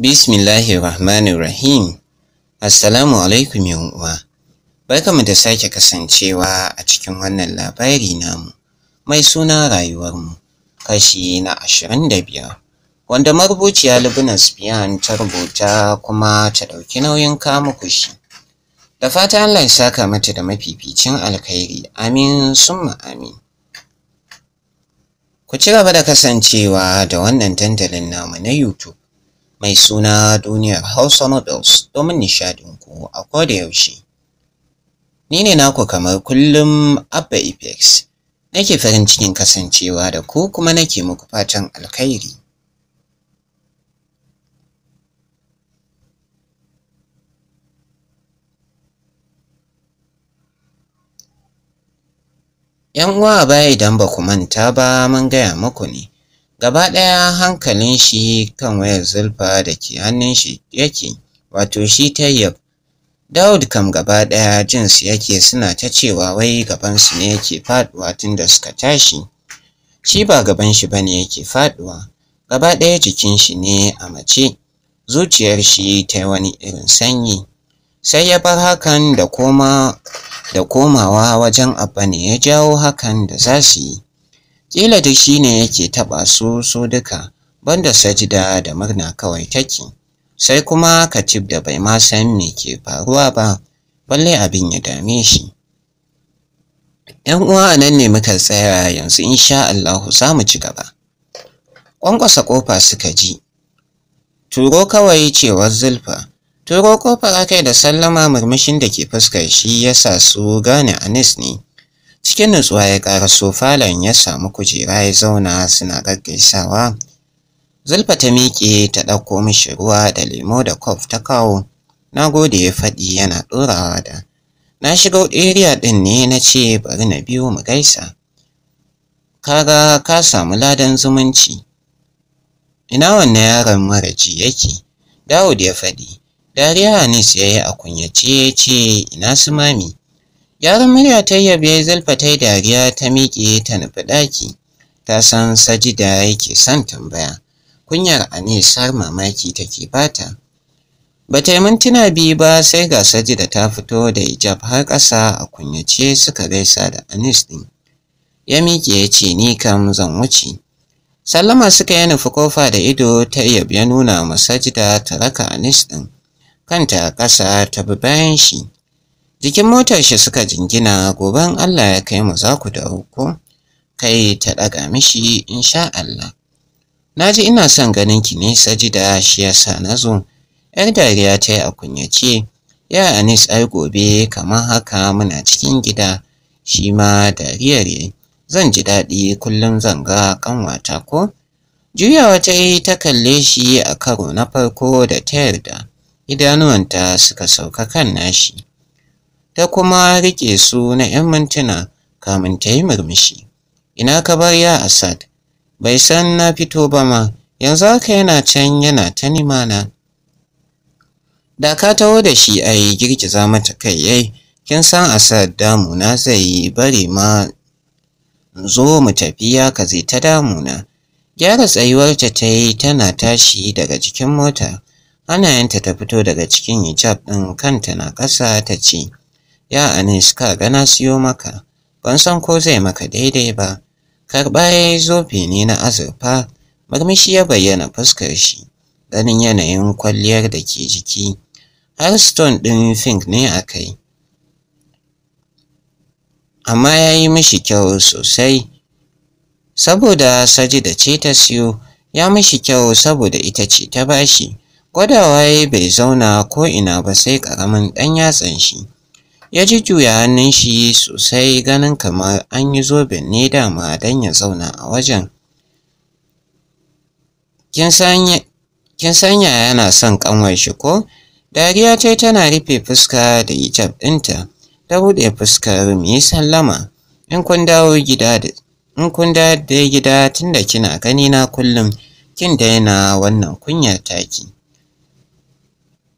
Bismillahir Rahmanir Rahim. Assalamu alaikum uwa. Barkamu da sake kasancewa a cikin wannan labari namu mai suna rayuwarmu kashi na 25 wanda marubuciya Lubna Spian ta rubuta kuma ta ɗauki nauyin kamu kushi. Da fata Allah ya saka mata da mafificin alkhairi. Amin summa amin. Ku ci gaba da kasancewa da wannan dandalin namu na YouTube. mai suna duniyar Hausa Nobels domin nishadinku a yaushe. Ni ne naku kamar kullum Abba Apex. Nake farin cikin kasancewa da ku kuma nake muku fatan alkhairi. ‘Yan uwa baya idan ba ku manta ba mun gaya muku ne, gaba ɗaya hankalin shi kan wayar zulfa da ke hannun shi yake wato shi tayyab daud kam gaba ɗaya jinsu yake suna ta cewa wai gaban su ne yake faɗuwa tun da suka tashi shi ba gaban shi bane yake faɗuwa gaba ɗaya jikin shi ne a mace zuciyar shi ta wani irin sanyi sai ya bar hakan da koma da komawa wajen abba ne ya jawo hakan da za su yi Kila duk shine yake taɓa su su duka, banda sajida da murna kawai take. Sai kuma Katib da bai ma san me ke faruwa ba, balle abin ya dame shi. ‘Yan uwa a nan ne muka tsaya yanzu insha Allah za mu ci gaba. Kwankwasa kofa suka ji. Turo kawai cewar Zulfa. Turo ƙofar akai da sallama murmushin da ke fuskar shi yasa sa su gane Anis ne. cikin nutsuwa ya karaso falon ya samu kujera ya zauna suna gaggaisawa zulfa ta miƙe ta ɗauko mishi ruwa da lemo da kof ta kawo na gode ya faɗi yana ɗorawa da na shiga area ɗin ne na ce bari na biyu mu gaisa kaga ka samu ladan zumunci ina wannan yaron maraji yake Dawud ya faɗi dariya Anis ya yi a kunyace ya ce ina su mami Gyaran murya ta yabe ya zulfa ta yi dariya ta miƙe ta nufi ɗaki. Ta san sajida yake son tambaya. Kunyar Anis har mamaki take bata. Ba ta yi mintuna biyu ba sai ga sajida ta fito da hijab har ƙasa a kunyace suka gaisa da Anis ɗin. Ya miƙe ya ce ni kam zan wuce. Sallama suka yi nufi kofa da ido ta ya nuna ma sajida ta raka Anis ɗin. Kanta ƙasa ta bi bayan shi. jikin motar shi suka jingina goben Allah ya kai mu za ku dawo ko kai ta ɗaga mishi insha Allah naji ina son ganin ki ne sajida shi yasa na zo yar dariya ta yi a kunyace ya anis ai gobe kamar haka muna cikin gida shi ma dariyar yayi zan ji daɗi kullum zan ga kanwata ko juyawa ta yi ta kalle shi a karo na farko da ta yarda idanuwanta suka sauka kan nashi ta kuma riƙe su na 'yan mintuna kamin ta yi murmushi. Ina ka bar ya Asad, bai san na fito ba ma, yanzu haka yana can yana ta nimana. Da ka taho da shi a yi girgiza mata kai yai, kin san Asad damuna zai yi bari ma zo mu tafi ya ka zai ta damuna. Gyara tsayuwar ta yi tana tashi daga cikin mota, Ana yanta ta fito daga cikin hijab ɗin kanta na ƙasa ta ce, Ya Anis ka gana siyo maka, ban san ko zai maka daidai ba. Karɓa ya yi zobe ne na azurfa, murmushi ya bayyana fuskar shi, ganin yanayin kwalliyar da ke jiki. Har stone ɗin fink ne a kai. Amma ya yi mishi kyau sosai, saboda sajida ce ta siyo, ya mishi kyau saboda ita ce ta bashi. Gwadawa bai zauna ko ina ba sai ƙaramin ɗan yatsan shi. ya jujjuya hannun shi sosai ganin kamar an yi zoben ne dama don ya zauna a wajen kin san yana son kanwar shi ko dariya ce tana rufe fuska da hijab ɗinta ta buɗe fuskar mu sallama in kun dawo gida da in kun dawo gida tunda kina gani na kullum kin daina wannan kunyar taki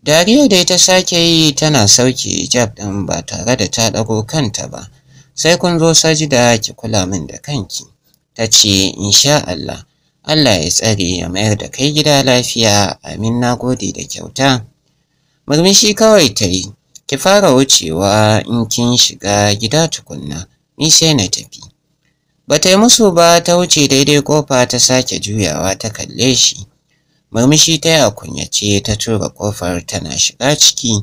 Dariya da ta sake yi tana sauke hijab ɗin ba tare da ta ɗago kanta ba. Sai kun zo saji da ki kula min da kanki. Ta ce insha Allah, Allah ya tsare ya mayar da kai gida lafiya amin na gode da kyauta. Murmushi kawai ta yi, ki fara wucewa in kin shiga gida tukunna, ni sai na tafi. Ba ta yi musu ba ta wuce daidai kofa ta sake juyawa ta kalle shi. Murmushi ta yi kunyace ta tura ƙofar tana shiga ciki.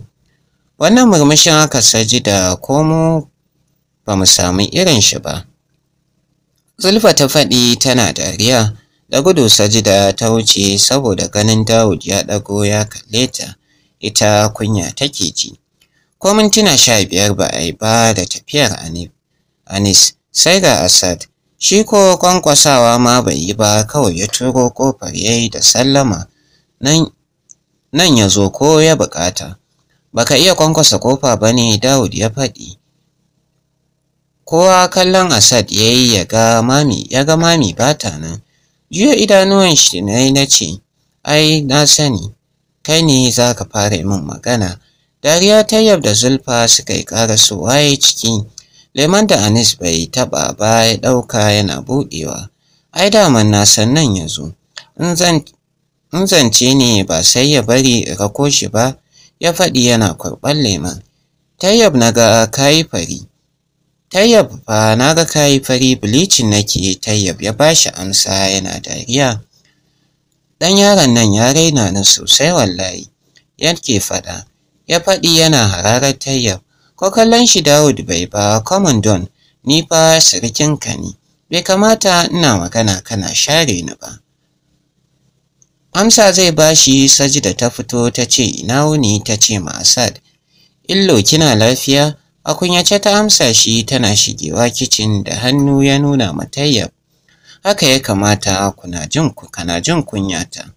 Wannan murmushin haka saji da komo ba mu samu irin shi ba. Zulfa ta faɗi tana dariya, da gudu sajida ta wuce saboda ganin Dawud ya ɗago ya kalle ta, ita kunya take ji. Ko mintuna sha biyar ba a ba da tafiyar Anis, sai ga Asad Shi ko kwankwasawa ma bai yi ba kawai ya turo kofar ya yi da sallama nan ya zo ko ya buƙata. Baka iya kwankwasa kofa ba ne Dawud ya faɗi. Kowa kallon Asad ya yi ya ga mami ya ba ta nan. Jiya idanuwan shi na yi na ce, ai na sani, kai ne za ka fara min magana. Dariya ta yabda zulfa suka yi su waye ciki. Leman da Anis bai taɓa ba ya ɗauka yana buɗewa. Ai daman na san nan ya zo. In zance ne ba sai ya bari ka koshi ba, ya faɗi yana kurɓar leman. Tayyab na ga kayi fari. Tayyab ba na kai fari nake Tayyab ya bashi amsa yana dariya. Dan yaron nan ya raina ni sosai wallahi. Yanke faɗa. Ya faɗi yana hararar Tayyab. ko kallon shi Dawud bai ba common don ni fa sirikinka ne bai kamata ina magana kana share ni ba amsa zai bashi sajida ta fito ta ce ina wuni ta ce ma Asad illo kina lafiya a kunyace ta amsa shi tana shigewa kicin da hannu ya nuna tayyab. haka ya kamata kuna jin kana jin kunyata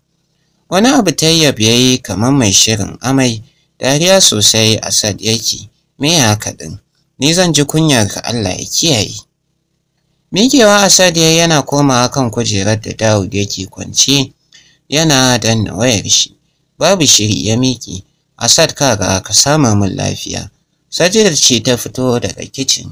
wani abu tayyab yayi kamar mai shirin amai dariya sosai Asad yake me ya haka din ni zan ji kunya ga Allah ya kiyaye Mikewa Asad yana komawa kan kujerar da Dawud yake kwance yana danna wayar shi babu shiri ya miƙe Asad kaga ka sama min lafiya Sajidar ce ta fito daga kicin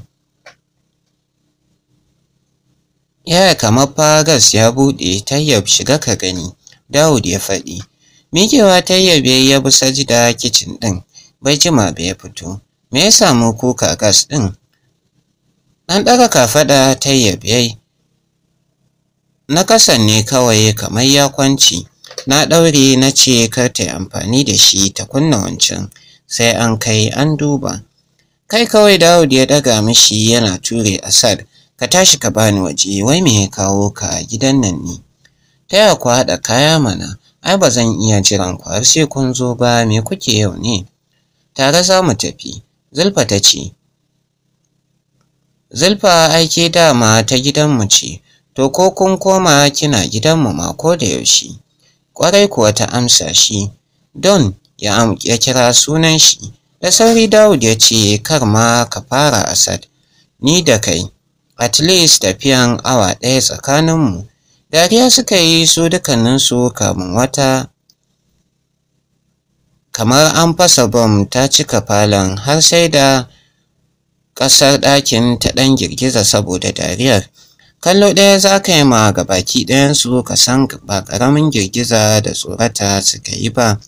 Yaya kamar fagas ya buɗe Tayyab shiga ka gani Dawud ya faɗi Mikewa Tayyab ya bi sajida kicin ɗin bai jima ba ya fito me ya samu kuka gas ɗin ɗan ɗaga kafaɗa ta yabyai na kasan ne kawai kamar ya kwanci na ɗaure na ce kar ta amfani da shi ta kunna wancan sai an kai an duba kai kawai Dawud ya daga mishi yana ture Asad ka tashi ka bani waje wai me ya kawo ka gidan nan ne taya ku hada kaya mana ai ba zan iya jiran ku har sai kun zo ba me kuke yau ne tare za mu tafi Zulfa ta ce, Zulfa aike dama ta gidanmu ce, to ko kun koma kina gidanmu ma ko da yaushe. Ƙwarai kuwa ta amsa shi, don ya, kira sunan shi, da sauri Dawud ya ce kar ma ka fara Asad, ni da kai, at least tafiyan awa ɗaya tsakaninmu. Dariya suka yi su dukkaninsu kamun wata kamar an fasa bom ta cika falon har sai da ƙasar ɗakin ta ɗan girgiza saboda dariyar kallo ɗaya za ka yi ma gabaki ɗayansu ka san ba ƙaramin girgiza da tsorata suka yi ba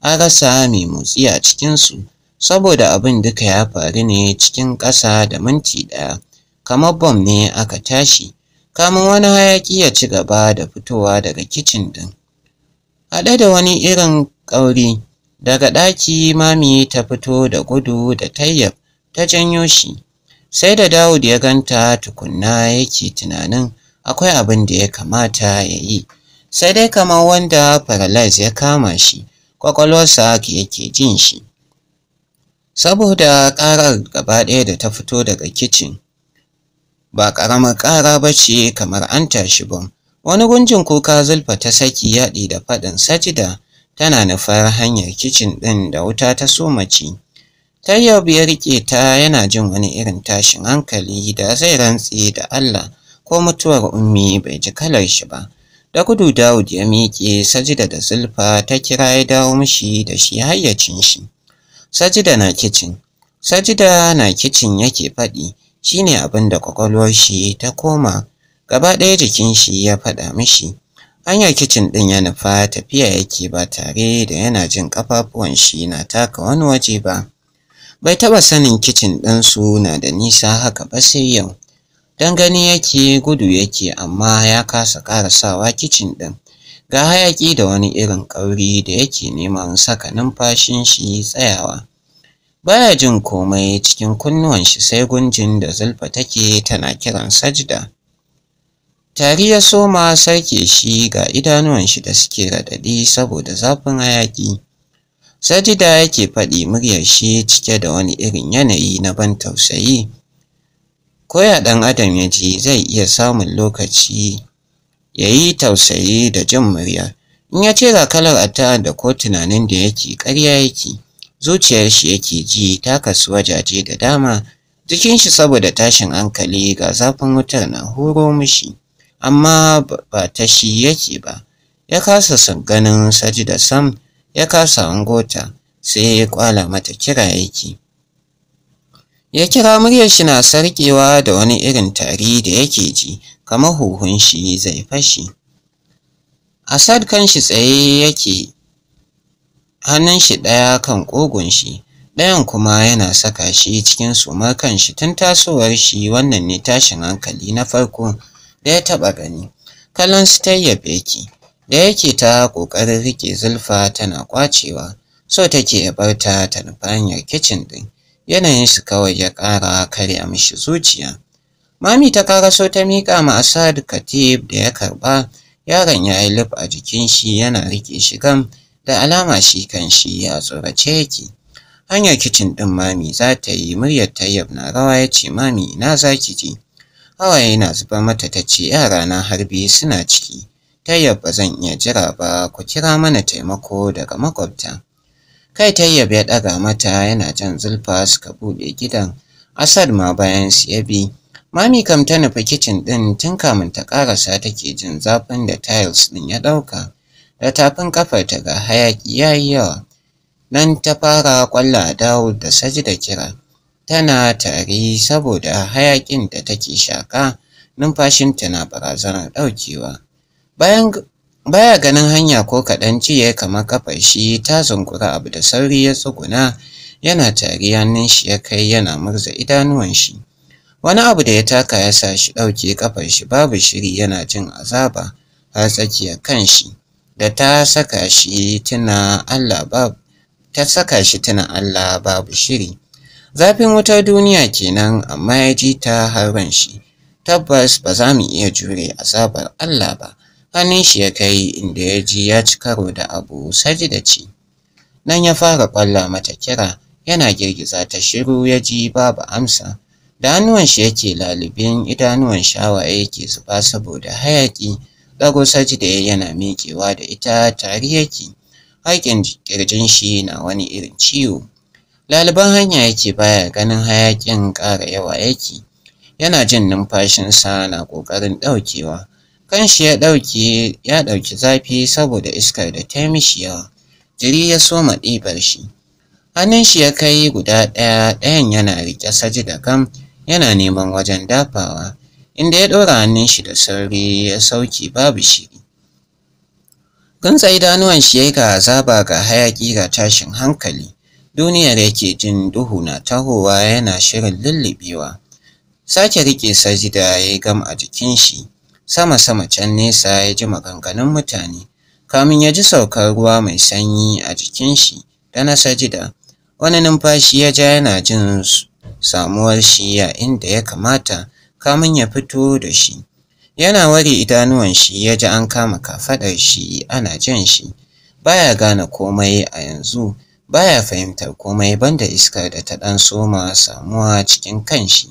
an rasa mai motsi a cikinsu saboda abin duka ya faru ne cikin ƙasa da minti ɗaya kamar bom ne aka tashi kamun wani hayaƙi ya ci gaba da fitowa daga kicin ɗin haɗe da wani irin ƙauri Daga ɗaki mami ta fito da gudu da tayyab ta janyo shi. Sai da Dawud ya ganta tukunna yake tunanin akwai abin da ya kamata ya yi. Sai dai kamar wanda paralyze ya kama shi, kwakwalwarsa yake jin shi. Saboda ƙarar gaba ɗaya da ta fito daga kicin, ba ƙaramar ƙara ba ce kamar an tashi ban Wani gunjin kuka zulfa ta saki yaɗi da faɗin sajida tana nufar hanyar kicin ɗin da wuta ta soma ci. Tayyab ya riƙe ta yana jin wani irin tashin hankali da zai rantse da Allah ko mutuwar ummi bai ji kalar shi ba. Da gudu Dawud ya miƙe sajida da zulfa ta kira ya dawo mishi da shi hayyacin shi. Sajida na kicin. Sajida na kicin yake faɗi shine abin da ƙwaƙwalwar shi ta koma gaba ɗaya jikin shi ya faɗa mishi. Hanyar kicin ɗin ya nufa tafiya yake ba tare da yana jin ƙafafuwan shi na taka wani waje ba. Bai taɓa sanin kicin ɗinsu na da nisa haka ba sai yau. Dan gani yake gudu yake amma ya kasa ƙarasawa kicin ɗin. Ga hayaki da wani irin ƙauri da yake neman saka numfashin shi tsayawa. Baya jin komai cikin kunnuwan shi sai gunjin da Zulfa take tana kiran sajda. Tari ya soma sarke shi ga idanuwan shi da suke raɗaɗi saboda zafin hayaƙi. Sajida yake faɗi muryar shi cike da wani irin yanayi na ban tausayi. Koya ɗan adam ya ji zai iya samun lokaci ya yi tausayi da jin murya. In ya ga kalar addu'a da ko tunanin da yake ƙarya yake, zuciyar shi yake ji ta kasu wajaje da dama, jikin shi saboda tashin hankali ga zafin wutar na horo mishi. amma ba ta shi yake ba ya kasa ganin sajida sam ya kasa angota sai ya kwala mata kira yake ya kira muryar shi na sarkewa da wani irin tari da yake ji kamar huhun shi zai fashi Asad kanshi tsaye yake hannun shi ɗaya kan ƙugun shi ɗayan kuma yana saka shi cikin sumar kanshi tun tasowar shi wannan ne tashin hankali na farko da ya taɓa gani kallon su ta yabe ki da yake ta ƙoƙarin riƙe zulfa tana ƙwacewa so take ya bar ta ta nufa hanyar kicin ɗin yanayin su kawai ya ƙara karya mishi zuciya mami ta so ta miƙa ma asad katib da ya karɓa yaron ya yi lif a jikin shi yana riƙe shi gam da alama shi kan shi ya tsorace yake hanyar kicin ɗin mami za ta yi muryar tayyab na rawa ya ce mami ina za ki je hawaye na zuba mata ta ce yara na har suna ciki tayyab ba zan iya jira ba ku kira mana taimako daga makwabta kai tayyab ya ɗaga mata yana jan zulfa suka buɗe gidan asad ma bayan su ya bi mami kam ta nufi kicin ɗin tun kamun ta ƙarasa take jin zafin da tiles ɗin ya ɗauka da tafin ta ga hayaki, ya yawa nan ta fara ƙwalla a dawo da saji da kira tana tari saboda hayaƙin da take shaƙa numfashinta na barazanar ɗaukewa. Bayan baya ganin hanya ko kaɗan ci ya kama kafar shi ta zungura abu da sauri ya tsuguna yana tari hannun shi ya kai yana murza idanuwan shi. Wani abu da ya taka ya sa shi ɗauke kafar shi babu shiri yana jin azaba har tsakiyar kan shi da ta saka shi tuna Allah babu ta saka shi tuna Allah babu shiri. Zafin wutar duniya kenan amma ya ji ta harban shi. Tabbas ba za mu iya jure azabar Allah ba. Hannun shi ya kai inda ya ji ya ci karo da abu da ci. Nan ya fara ƙwalla mata kira yana girgiza ta shiru ya ji babu amsa. Da hannuwan shi yake lalibin idanuwan shawaye yake zuba saboda hayaƙi. Ɗago sajida yana miƙewa da ita tari yake. Haƙin ƙirjin shi na wani irin ciwo. laliban hanya yake baya ganin hayaƙin ƙara yawa yake yana jin numfashinsa na ƙoƙarin ɗaukewa kanshi ya ɗauki ya ɗauki zafi saboda iskar da ta mishi yawa jiri ya soma ɗibar shi hannun shi ya kai guda ɗaya ɗayan yana riƙe saji da kam yana neman wajen dafawa inda ya ɗora hannun shi da sauri ya sauke babu shiri Gunsa idanuwan shi ya yi ga azaba ga hayaƙi ga tashin hankali duniyar yake jin duhu na tahowa yana shirin lullubewa sake rike sajida ya yi gam a jikin shi sama sama can nesa ya ji maganganun mutane kamin ya ji saukar ruwa mai sanyi a jikin shi da na sajida wani numfashi ya ja yana jin samuwar shi a inda ya kamata kamin ya fito da shi yana ware idanuwan shi ya ji an kama kafaɗar shi ana jan shi baya gane komai a yanzu baya fahimtar komai banda iskar da ta ɗan soma samuwa cikin kanshi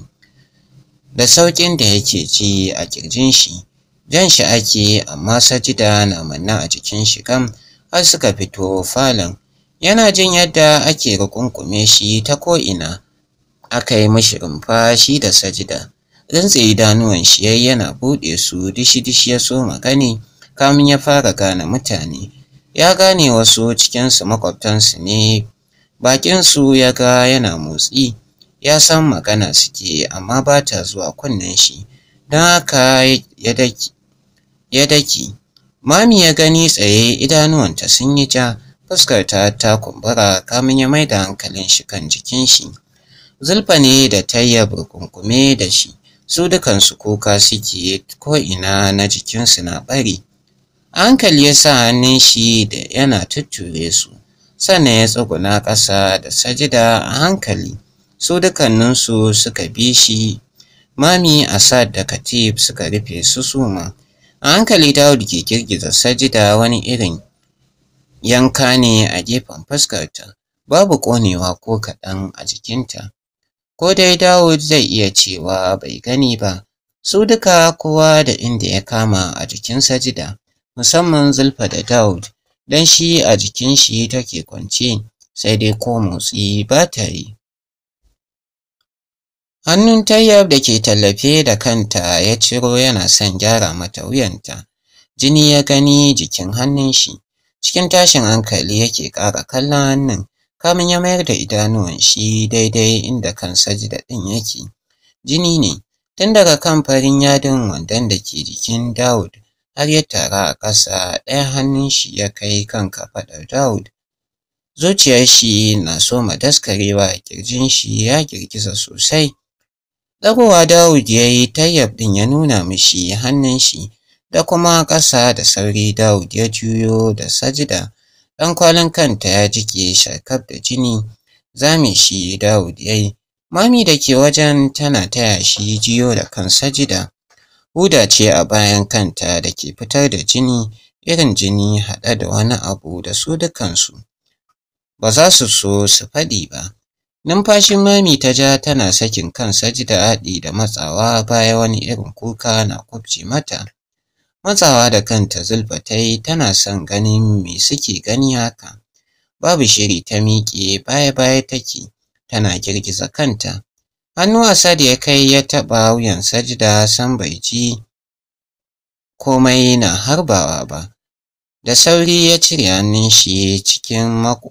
da sauƙin da yake ji a ƙirjin shi jan shi ake amma sajida na manna a jikin shi kam har suka fito falon yana jin yadda ake rukunkume shi ta ko'ina aka yi mashi rumfa shi da sajida rintse idanuwan shi yayi yana buɗe su dishi-dishi ya soma gani, kamin ya fara gane mutane ya gane wasu cikinsu makwabtansu ne bakinsu ya ga yana motsi ya san magana suke amma ba ta zuwa kunnen shi don haka ya daki mami ya gani tsaye idanuwanta sun yi ja fuskarta ta kumbura kamin ya da hankalin shi kan jikin shi zulfa ne da tayya burkunkume da shi su dukansu kuka suke ko ina na jikinsu na bari hankali ya sa hannun shi da yana tutture su sannan ya tsuguna ƙasa da sajida a hankali su dukkaninsu suka bi shi mami asad da katib suka rufe su suma a hankali ta ke girgiza sajida wani irin yanka ne a gefen fuskarta babu ƙonewa ko kaɗan a jikinta ko dai dawud zai iya cewa bai gani ba su duka kowa da inda ya kama a jikin sajida musamman Zulfa da Daud, don shi a jikin shi take kwance, sai dai ko motsi ba ta yi. Hannun Tayyab da ke tallafe da kanta ya ciro yana son gyara mata wuyanta. Jini ya gani jikin hannun shi. Cikin tashin hankali yake ƙara kallon hannun, kamin ya mayar da idanuwan shi daidai inda kan sajida ɗin yake. Jini ne, tun daga kan farin yadin wandon da ke jikin Dawud har ya tara a ƙasa ɗaya hannun shi ya kai kan kafaɗar Dawud. Zuciyar shi na so daskarewa a ƙirjin shi ya girgiza sosai. Ɗagowa Dawud ya yi tayyab ɗin ya nuna mishi hannun shi da kuma ƙasa da sauri Dawud ya juyo da sajida. Ɗan kwalin kanta ya jike sharkaf da jini, zame shi Dawud ya yi. Mami da ke wajen tana taya shi jiyo da kan sajida. huda ce a bayan kanta da ke fitar da jini irin jini haɗe da wani abu da su dukansu ba za su so su faɗi ba numfashin mami ta ja tana sakin kansa ji da haɗi da matsawa baya wani irin kuka na kubce mata matsawa da kanta zulfa ta yi tana son ganin me suke gani haka babu shiri ta miƙe baya baya take tana girgiza kanta Hannu Asad ya kai ya taɓa wuyan sajida san bai ji komai na harbawa ba. Da sauri ya cire hannun shi cikin mako.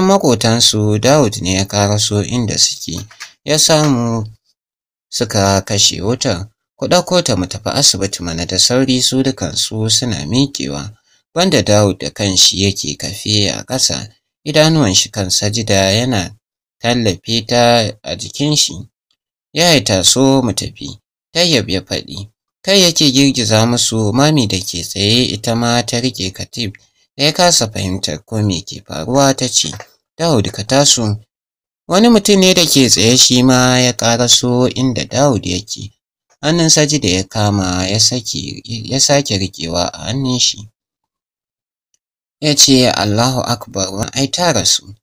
makotansu Dawud ne ya karaso inda suke, ya samu suka kashe wutar. Ku ɗauko ta mu tafi asibiti mana da sauri su dukansu suna miƙewa. Banda Dawud da kanshi yake kafe a ƙasa, idanuwan shi kan sajida yana tallafe ta a jikin shi. yi taso mu tafi, Tayyab ya faɗi. Kai yake girgiza musu mami da ke tsaye ita ma ta rike Katib da ya kasa fahimtar ko me ke faruwa ta ce, Dawud ka taso. Wani mutum ne da ke tsaye shi ma ya ƙaraso inda Dawud yake. Hannun saji da ya kama ya sake riƙewa a hannun shi. Ya ce Allahu Akbar wani ai ta rasu.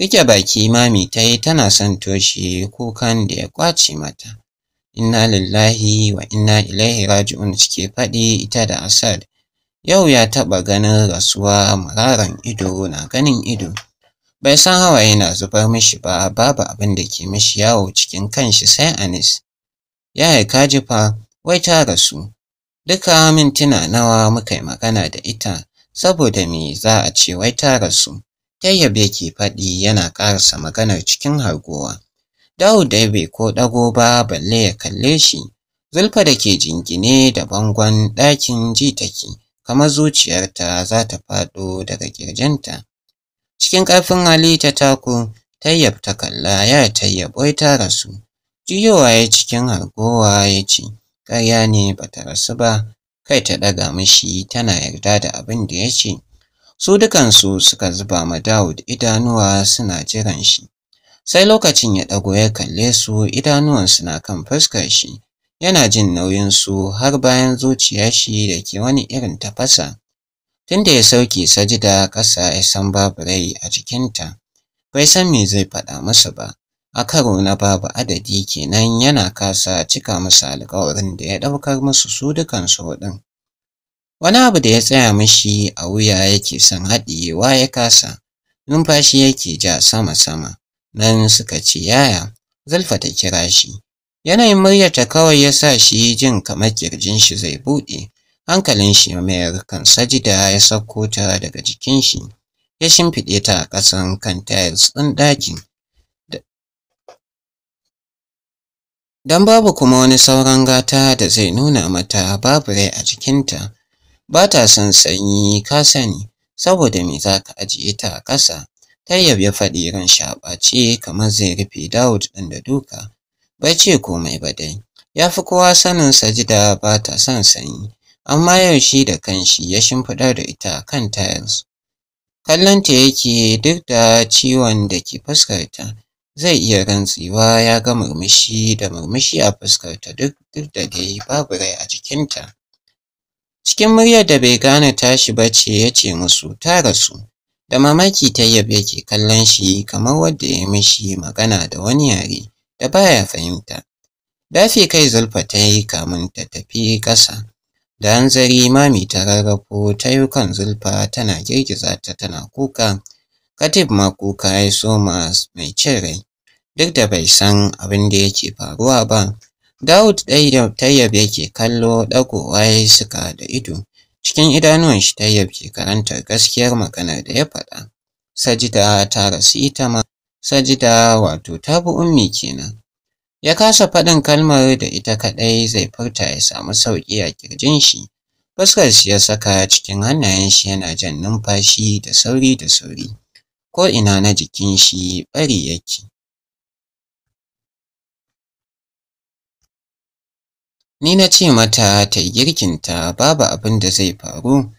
Rike baki mami ta yi tana son toshe kukan da ya kwace mata. Inna lillahi wa inna ilaihi raji'un cike faɗi ita da Asad. Yau ya taɓa ganin rasuwa mararan ido na ganin ido. Bai san hawaye na zubar mishi ba babu abin da ke mishi yawo cikin kanshi sai Anis. Yaya kaji fa wai ta rasu. Duka mintuna nawa muka yi magana da ita saboda me za a ce wai ta rasu. Tayyabe ke faɗi yana ƙarasa maganar cikin hargowa. Dawo da bai ko ɗago ba balle ya kalle shi. Zulfa da ke jingine da bangon ɗakin ji take, kamar zuciyarta za ta faɗo daga ƙirjinta. Cikin ƙarfin hali ta tako, Tayyab ta kalla ya Tayyab wai ta rasu. jiyowa ya cikin hargowa ya ce, ƙarya ne ba ta rasu ba, kai ta ɗaga mishi tana yarda da abin da ya ce. Su dukansu suka zuba ma Dawud idanuwa suna jiran shi. Sai lokacin ya ɗago ya kalle su idanuwansu na kan fuskar shi, yana jin nauyin su har bayan zuciya shi da ke wani irin tafasa. Tunda ya sauke sajida ƙasa ya san babu rai a jikinta, bai san me zai faɗa musu ba. a karo na babu adadi kenan yana kasa cika masa alƙawarin da ya ɗaukar musu su dukansu hudun. wani abu da ya tsaya mishi a wuya yake son haɗiyewa ya kasa numfashi yake ja sama-sama nan suka ce yaya zulfa ta kira shi yanayin muryarta kawai ya sa shi jin kamar kirjin shi zai buɗe hankalin shi mayar kan sajida ya sauko ta daga jikin shi ya shimfiɗe ta a ƙasan kan tiles ɗin ɗakin don babu kuma wani sauran gata da zai nuna mata babu rai a jikinta ba ta son sanyi ka sani saboda me za ka ajiye ta a ƙasa tayyab ya faɗi ran shi a kamar zai rufe dawud ɗin da duka bai ce komai ba dai ya fi kowa sanin sajida ba ta son sanyi amma yau shi da kanshi ya shimfiɗar da ita kan tiles kallonta yake duk da ciwon da ke fuskarta zai iya rantsewa ya ga murmushi da murmushi a fuskarta duk duk da dai babu rai a jikinta Cikin muryar da bai gane tashi ba ce ya ce musu ta rasu. Da mamaki ta yabe yake kallon shi kamar wanda ya mishi magana da wani yare da baya fahimta. Dafe kai Zulfa ta yi kamun ta tafi ƙasa. Da hanzari mami ta rarrafo ta yi kan Zulfa tana girgiza ta tana kuka. Katib ma kuka ya soma mai cin rai. Duk da bai san abin da yake faruwa ba, Dawud Tayyab Tayyab yake kallo ɗagowa ya suka da ido. Cikin idanuwan shi Tayyab ke karanta gaskiyar maganar da ya faɗa. Sajida ta rasu ita ma. Sajida wato ta bi ummi kenan. Ya kasa faɗin kalmar da ita kaɗai zai furta ya samu sauƙi a ƙirjin shi. Fuskar shi ya saka cikin hannayen shi yana jan numfashi da sauri da sauri. Ko ina na jikin shi ɓari yake. Ni na ce mata ta yi girkinta babu abin da zai faru.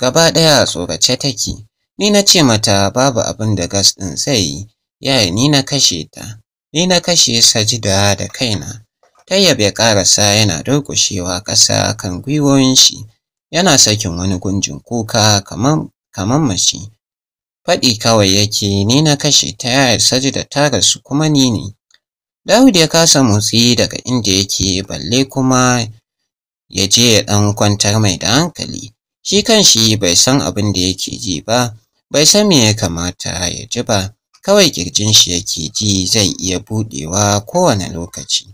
Gaba ɗaya tsorace take. Ni na ce mata babu abin da gas ɗin zai yi. Yaya ni na kashe ta. Ni na kashe sajida da kaina. Ta ya ƙarasa yana durƙushewa ƙasa kan gwiwoyin shi. Yana sakin wani gunjin kuka kaman kaman mace. Faɗi kawai yake ni na kashe ta yaya sajida ta rasu kuma ni ne. Dawud ya kasa motsi daga inda yake balle kuma ya je ya dan kwantar mai da hankali. Shi kanshi bai san abin da yake ji ba, bai san me ya kamata ya ji ba, kawai ƙirjin shi yake ji zai iya buɗewa kowane lokaci.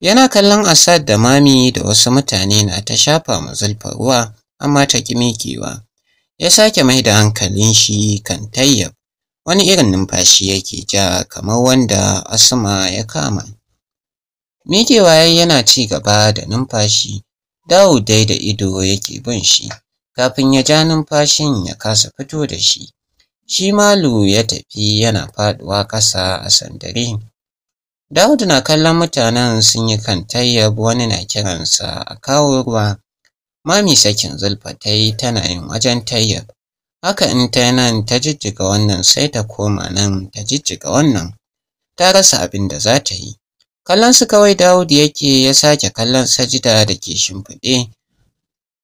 Yana kallon Asad da Mami da wasu mutane na ta shafa ma ruwa amma ta ƙi miƙewa. Ya sake mai da hankalin shi kan Tayyab wani irin numfashi yake ja kamar wanda asma ya kama Mikewa yayi yana ci gaba da numfashi Dawud dai da ido yake bin shi kafin ya ja numfashin ya kasa fito da shi shi malu ya tafi yana faɗuwa ƙasa a sandare Dawud na kallon mutanen sun yi kan tayyab wani na kiransa a kawo ruwa mami sakin zulfa ta tana yin wajen tayyab Haka in ta nan ta jijjiga wannan sai ta koma nan ta jijjiga wannan. Ta rasa abin da za ta yi. Kallon su kawai Dawud yake ya sake kallon sajida da ke shimfiɗe.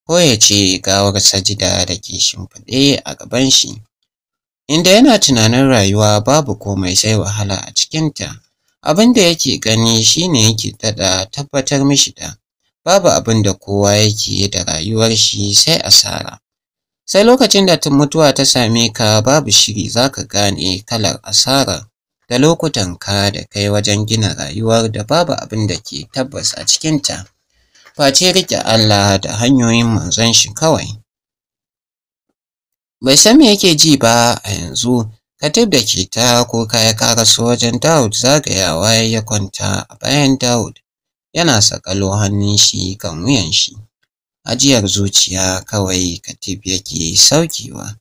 Ko ya ce gawar sajida da ke shimfiɗe a gaban shi. Inda yana tunanin rayuwa babu komai sai wahala a cikinta. Abin da yake gani shine yake daɗa tabbatar mishi da babu abin da kowa yake da rayuwar shi sai asara. Sai lokacin da mutuwa ta same ka babu shiri za ka gane kalar asara da lokutan ka da kai wajen gina rayuwar da babu abin da ke tabbas a cikinta. Face rike Allah da hanyoyin manzon shi kawai. Bai san me yake ji ba a yanzu, Katib da ke ta ko kuka ya su wajen Dawud zagayawa ya kwanta a bayan Dawud, yana sakalo hannun shi kan wuyan shi. ajiyar zuciya kawai Katib yake saukewa.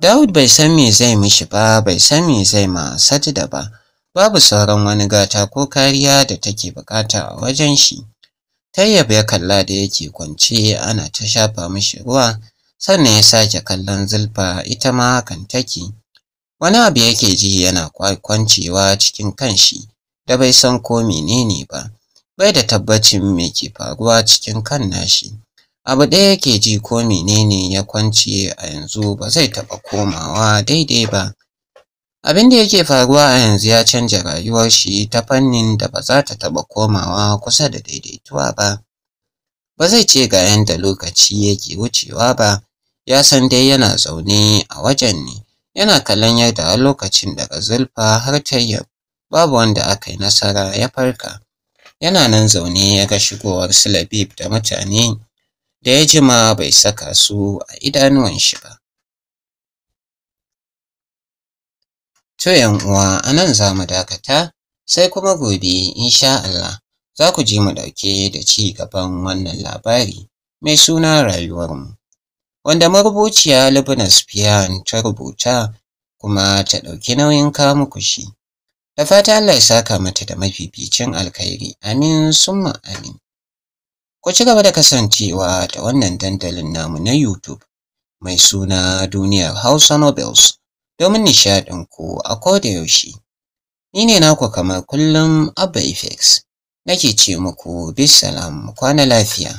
Dawud bai san me zai mishi ba, bai san me zai ma da ba, babu sauran wani gata ko kariya da take bukata a wajen shi. Tayyab ya kalla da yake kwance ana ta shafa mishi ruwa, sannan ya sake kallon Zulfa ita ma kan take. Wani abu yake ji yana kwancewa cikin kanshi da bai san ko menene ba. bai da tabbacin me ke faruwa cikin kan nashi abu ɗaya yake ji ko menene ya kwance a yanzu ba zai taɓa komawa daidai ba abin da yake faruwa a yanzu ya canja rayuwar shi ta fannin da ba za ta taɓa komawa kusa da daidaituwa ba ba zai ce ga yanda lokaci yake wucewa ba ya san dai yana zaune a wajen ne yana kallon yadda lokacin daga zulfa har tayyab babu wanda aka yi nasara ya farka yana nan zaune ya ga shigowar su Labib da mutane da ya jima bai saka su a idanuwan shi ba. To uwa a nan za mu dakata sai kuma gobe insha Allah za ku ji mu ɗauke da ci gaban wannan labari mai suna rayuwarmu. Wanda marubuciya Lubna Spian ta rubuta kuma ta ɗauki nauyin kawo muku shi. da fata Allah ya saka mata da mafificin alkhairi amin summa amin ku ci gaba da kasancewa da wannan dandalin namu na YouTube mai suna duniyar Hausa Nobels domin nishaɗin ku a koda yaushe ni ne naku kamar kullum Abba Effects nake ce muku bisalam kwana lafiya